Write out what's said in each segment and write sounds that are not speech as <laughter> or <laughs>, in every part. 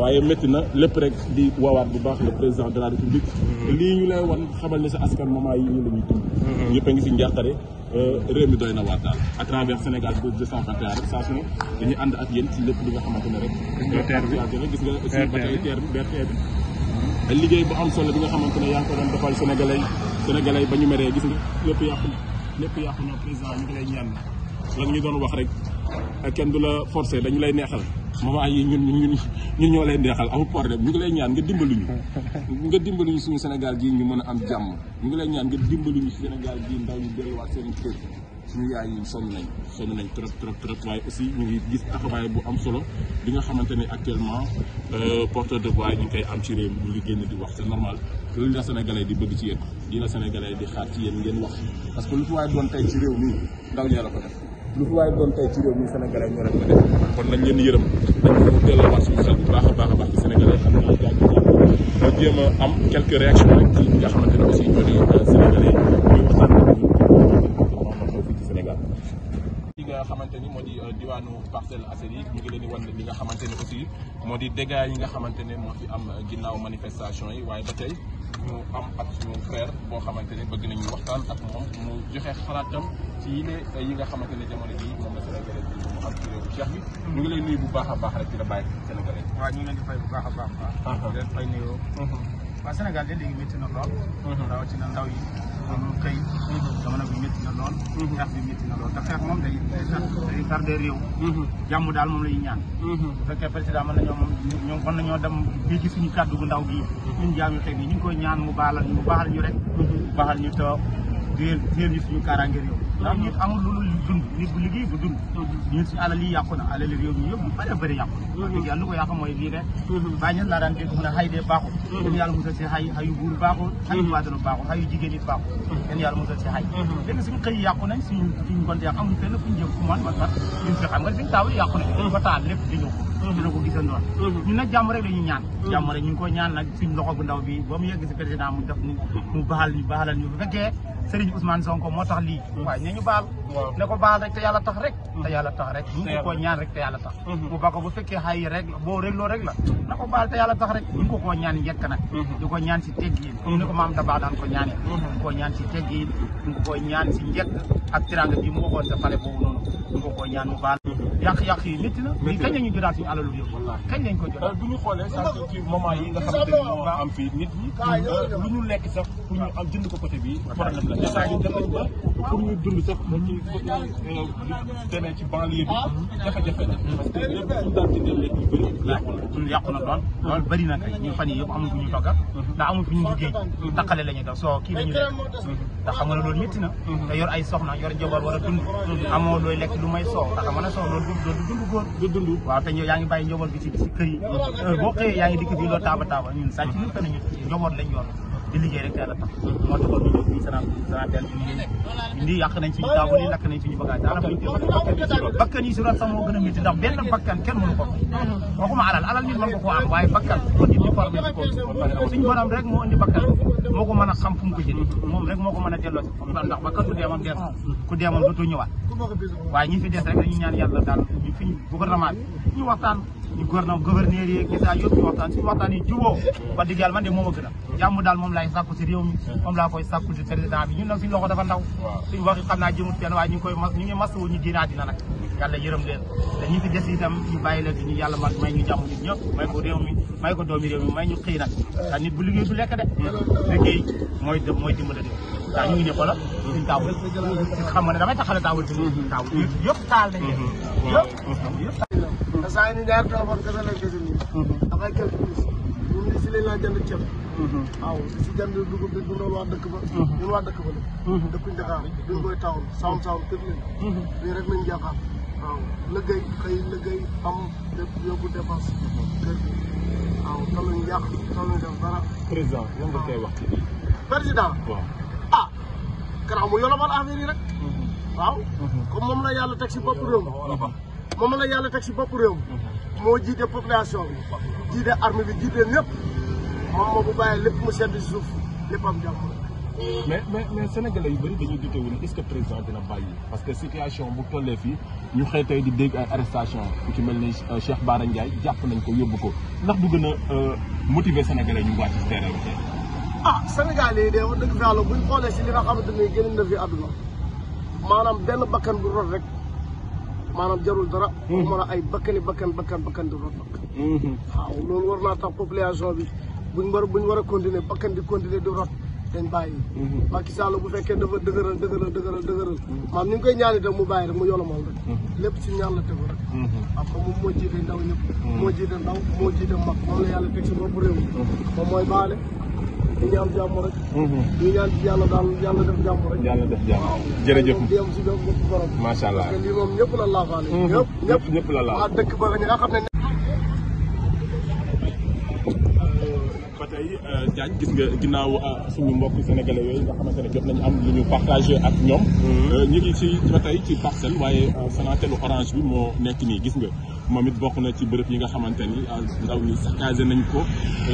waaye métti na lépp rek di waawaat bu baax le président de la république mm-hmm. lii ñu lay wan xamal ne sa askan moment yi ñu la ñuy dund mm-hmm. ñëpp a ngi euh, na waat daal à travers Sénégal boobu 221 rek saa ànd ak yéen ci lépp li nga xamante ne rek teer bi gis nga aussi bataille teer liggéey bu am solo bi nga xamante ne yaa ngi ko doon defal sénégalais sénégalais ba ñu meree gis nga lépp yàqu na lépp yàqu ñu ngi lay ñaan la ñu doon wax rek kenn du la forcé dañu lay neexal moment yi ñun ñun ñun ñoo lay neexal amul problème ñu ngi lay ñaan nga dimbali ñu <laughs> nga dimbali suñu Sénégal jii ñu mën a am jàmm ñu ngi lay ñaan nga dimbali ñu Sénégal gii ndaw ñu delluwaat seen kër suñu yaay yi sonn nañ sonn nañ trop trop trop waaye aussi ñu ngi gis taxawaay bu am solo bi nga xamante ne actuellement euh, porteur de voix ñu ngi koy am ci réew di wax c'est normal loolu la sénégalais di bëgg ci yéen di la sénégalais di xaar ci yéen ngeen wax parce que lu fi waaye réew mii ndaw ñoo la ko def lu fi waaye doon tey ci réew mi sénégalais ñoo la ko kon nañ leen yërëm pour delloo wax baax a baax a baax ci sénégalais xam ne gaañ-gaañ jéem a am quelques réactions rek ci nga xamante ne aussi ñoo di euh, sénégalais yi ñuy waxtaan xamante ni moo di euh, diwaanu Parcelles Assainies ñu ngi leen di wan li nga xamante aussi moo di dégâts yi nga xamante ne moo fi am euh, ginnaaw manifestation yi waaye ba tey ñu am ak suñu frère boo xamante ne bëgg nañu waxtaan ak moom mu joxe xalaatam ci yile euh, yi nga xamante ne jamono ji moom la Sénégalais bi mu am ci ngi lay nuyu bu baax a baax rek di la bàyyi Sénégalais. waaw ñu ngi leen fay bu baax a baax. Ah, ah. di leen fay nuyoo. Mm-hmm. waa Sénégal de léegi métti na lool. Mhm. rawatina ndaw yi. loolu kay. Mhm. jamono bi métti na lool. Mhm. xeex bi métti na lool te xeex moom day day tar day tar de réew. jàmm daal moom la ñuy ñaan. bu fekkee président mën nañoo moom ñoom mën nañoo dem bii ci suñu kàddu gu ndaw gi. ñun jaam yu xeex bi ñu ngi koy ñaan mu baalal ñu mu baaxal ñu rek. ñu te diir diir ñu suñu kaaraange réew. ndax nit amul lu dul dund nit bu liggéey bu dund ñun suñu alal yi yàqu na alal réew mi yëpp mu bëri bëri yàqu na mhm. dëgg yàlla lu ko yàq mooy lii rek mhm. bàyyi ñan laa daan dégg mu ne xay dee baaxul yéen mhm. yàlla musal si xay xayu buur baaxul xayu baadalo baaxul xayu jigéen it baaxul yéen yàlla musal si xay léegi suñu xëy yàqu nañ suñu suñu gont yàqu amul fu ñu jëm fu man man man si xam nga suñu taaw yi yàqu nañ ko taal lépp di ñëw dina ko gisandoon ñun nag jàmm rek la ñuy ñaan jàmm rek ñu ngi koy ñaan nag suñ loxo bu ndaw bi ba mu yegg si président mu def ni mu baal ñu baalal ñu baal ne ko baal rek te la na ko baal te yàlla tax rek ñu ngi ko koo ñaan njëkk nag di ko ñaan si teggiin comme ni ko maam Daba daan ko ñaanee ñu ko ñaan si teggiin ñu ko ñaan si njëkk a tiranga bi mu waxoon sa pare boobu noonu ñu ko koo ñaan mu baal yàq-yàq yi métti na. métti kañ la ñuy a suñu alalu yëpp. kañ lañ ko jotaat euh, bu ñu xoolee c'est-à-dire ci moment yi nga xamante ni moom moo am fii nit ñi. lu ñu lekk sax pour ñu am jënd ko côté bii. la c'est-à-dire ba pour ñu dund sax dañ ciy demee a banlieue bi ah. la. parce que lépp yàqu na. lool lool bëri na fan yii yëpp amul ñu togga mhm. ndax amul ñu liggéey taqale la ñuy def soo kii la ñu lekk ndax xam nga loolu métti na mhm. te yor ay soxna yor njaboot war a dund mhm. amoo looy lekk lu may soow ndax mën soow loolu dund dootu dund góor du waaw te yaa ngi bàyyi njaboot gi ci ci kër yi euh, boo xëyee yaa ngi dikk fii loolu taaba taaba ñun sàcc ñu te nañu njaboot lañ yoon di liggéey rek yàlla tax moo taxoon ñu ñëw fii Sana Sonatel bi indi yàq nañ suñu taabu yi lakk nañ suñu bagage daanaka ñu si rat sax moo gën a métti ndax benn bakkan kenn mënu ko waxuma alal alal nit mën ko koo am waaye bakkan kon nit ñu formé ci ko suñu borom rek moo ko mën a xam fu mu ko jëlee moom rek moo ko mën a delloo si ndax bakkan ku deemoon des ku deemoon dootoo ñëwaat waaye ñi fi des rek dañu ñaan yàlla daal ñu fi gouvernement bi ñu waxtaan ñu gouverneur gouverneur yi gisaa yëpp waxtaan suñu waxtaan yi juboo wax dëgg man de moom a gën a jàmm daal moom laay sàkku si réew mi moom laa koy sàkku si président bi ñun nag suñu loxo dafa ndaw suñu waxi xam naa jëmut kenn waaye ñu ngi koy mas ñu ngi mas wu ñu génnaa dina nag yàlla yërëm leen te ñi fi bàyyi leen ñu yàlla man may ñu jàmm ñun ñëpp may ko réew mi may ko doomi réew mi may ñu xëy nag ndax nit bu liggéey du lekk de liggéey mooy mooy dimbale waaw ñu ngi ne xoolal suñ taawul xam ne damay taxale taawul bi mm-hmm. taawul yëpp taal nañ leen mm-hmm. yëpp mm-hmm. na saa yi ñu ñaari téléphone kese lañ kese nii. ak ay quelques minutes ñun li si lañ laa mhm. si jënd dugub bi du loolu waa dëkk ba. Mhm. ñun waa dëkk ba la. Mhm. dëkkuñ Dakar duñ koy tawoon sawoon sawoon tëj leen. lii rek lañ jàkkaar waaw liggéey xëy liggéey am lépp yóbbu dépense kër gi waaw tolluñ yàq tolluñ def dara. président lan nga wax ci lii. président waaw ah. garaaw mu yoromal affaire yi rek. waaw. comme moom la yàlla teg si bopp réew mi. moom la yàlla teg si bopp réew mi moo jiite population bi jiite armée bi jiite ñëpp moom moo bu bàyyee lépp mu sedd si suuf léppam jàmm mais mais mais sénégalais yu bëri dañuy dute wu est-ce président dina bàyyi parce que situation bu tollee fii ñu xëy tey di dégg ay arrestation ku ci mel ni euh, Cheikh Bara Ndiaye jàpp nañ ko yóbbu ko ndax du gën a euh, motiver sénégalais ñu wàcc si terrain bi tey ah Sénégal yi de wax dëgg buñ xoolee si li nga xamante ni génn na fi àdduna benn bakkan bu rot rek maanaam jarul dara. mu mën a ay bakkani bakkan bakkan bakkan di doon bakk. waaw loolu war naa tax population bi buñ war buñ war a continuer bakkan di continuer di rot dañ bàyyi. Hmm. Macky Sall bu fekkee dafa dëgëral dëgëral dëgëral dëgëral. maam ni ñu koy ñaanee rek mu bàyyi rek mu yolomal rek. Hmm. lépp ci ñaan la tegu rek. Hmm. waaw comme moom moo jiite ndaw ñëpp. moo jiite ndaw moo jiite mag moom la yàlla teg si bopp réew mi. moom mooy baale. dañuy am jàmm rek. ñu mhm. ñaan ci yàlla daal yàlla def jàmm rek. yàlla def jàmm jërëjëf moom am si borom. macha allah parce que lii moom ñëpp la laafaale. Mhm. ñëpp ñëpp ñëpp la laafaale. waa dëkk ba nga xam ne Diagne gis nga ginnaaw ah, suñu mbokk sénégalais yooyu nga xamante ne jot nañu am lu ñu partagé ak ñoom. Mhm. Euh, ñu ngi ci ba tey ci parcelle waaye euh, sonatelu orange bi moo nekk nii gis nga moom it bokk na ci bërëb yi nga xamante ni ah, ndaw ñi saccagé nañ ko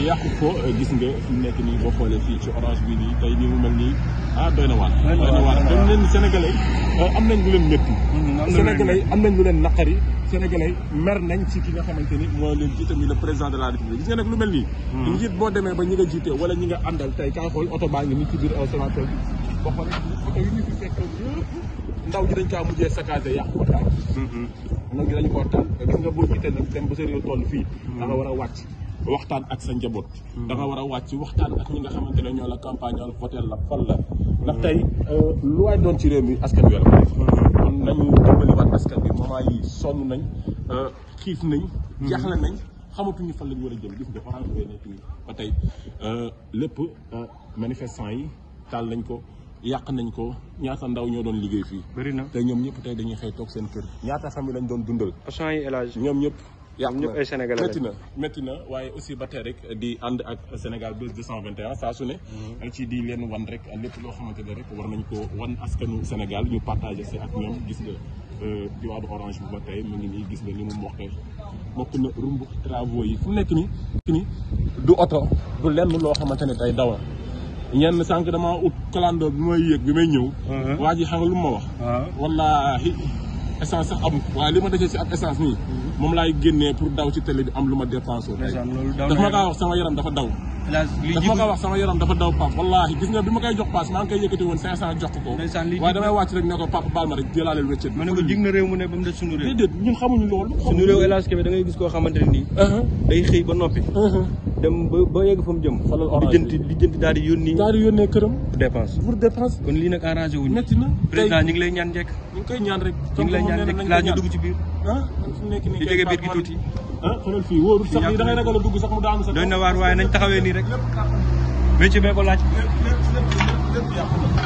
yàqu ko euh, gis nga fi nekk nii boo xoolee fii ci orange bi nii tey nii mu mel nii ah doy na waar. doy na waar doy na waar sénégalais am nañ lu leen métti. Mhm, am am nañ lu leen naqari. sénégalais mer nañ ci ki nga xamante ni mooy leen jiite muy le président de la république gis nga nag lu mel nii hmm. njiit boo demee ba ñi nga jiite wala ñi nga àndal tey kaa xool oto baa ngi ni ci biir Sonatel bi dañ kaa mujjee saccagé yàq ko daal hmm. ndaw ji dañ koo taal gis nga boo jiitee nag dem ba sa réew toll fii da hmm. war a wàcc waxtaan ak sa njaboot da nga war a wàcc waxtaan ak ñi nga xamante ne ñoo la campagne al votel la fal la ndax tey euh, lu waay doon ci réew mi askan wi la kon nañu dimbaliwaat askan bi moment yi sonn nañ euh, xiif nañ jaaxle nañ xamatuñu fan la ñu war a jëm gis nga orange bee nekk nii ba tey euh, lépp euh, manifestant yi taal nañ ko yàq nañ ko ñaata ndaw ñoo doon liggéey fii. bëri na te ñoom ñëpp tey dañuy xëy toog seen kër. ñaata famille lañ doon dundal. ñoom ñëpp. yàq ñoom ñëpp ay sénégalais métti na na waaye aussi ba tey rek di ànd ak Sénégal Buzz 221 saa su ne. Mhm. ci di leen wan rek lépp loo xamante ne rek war nañ ko wan askanu Sénégal ñu partagé si ak ñoom gis nga euh, diwaanu orange bu ba tey mu ngi nii gis nga ni mu mokkee mokk na rumb travaux yi fu nekk nii. ni du oto du lenn loo xamante ne tey daw ñenn sànq damaa ut kalandoo bi may yéeg bi may ñëw. Mhm. waa ji xam lu ma wax. Ah. wallaahi. essence sax amul waaye li ma dajee si ab essence nii moom laay génnee pour daw ci télé bi am lu ma dépensé daf dafa daw daf ma kaa wax sama yaram dafa daw pap wallaahi gis nga bi ma koy jox paas maa ngi koy yëkkati woon cinq cent jox ko waaye damay wàcc rek ne ko baal ma rek jëlaaleel wéccet ma ne ko dig na réew mu ne ba mu des suñu réew déedéet ñun xamuñu loolu suñu réew El Hadj Kébé da ngay gis koo xamante ne nii uh-huh. day xëy ba noppi uh-huh. dem ba ba yegg fa mu jëm. falal orange bi lijjanti daal di yónni. daal di yónnee këram. pour dépense pour dépense. kon lii nag arrangé wuñu. métti na président ñu ngi lay ñaan njëkk. ñu ngi koy ñaan rek. ñu ngi lay ñaan njëkk laaj ñu dugg ci biir. Ah, di jege biir gi tuuti. Ah, xoolal fii wóorul sax da a dugg sax mu daanu sax. doy na waar waaye nañ taxawee nii rek. métier bee ko laaj.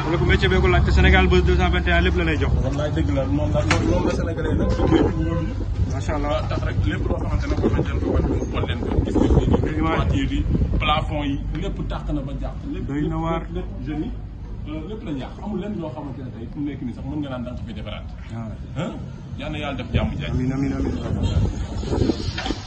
wala ko métier bee ko laaj te Sénégal Buzz 221 lépp la lay jox. wallaay dëgg la moom la moom macha allah tax rek lépp loo xamante ne war nañ leen ko wan mu xool leen ko gis nañ ni voiture yi plafond yi lépp tàq na ba jàpp lépp doy na waar lépp jeunes yi lépp lañ yàq amul loo xamante ne tey fu mu nekk nii ah. na yàlla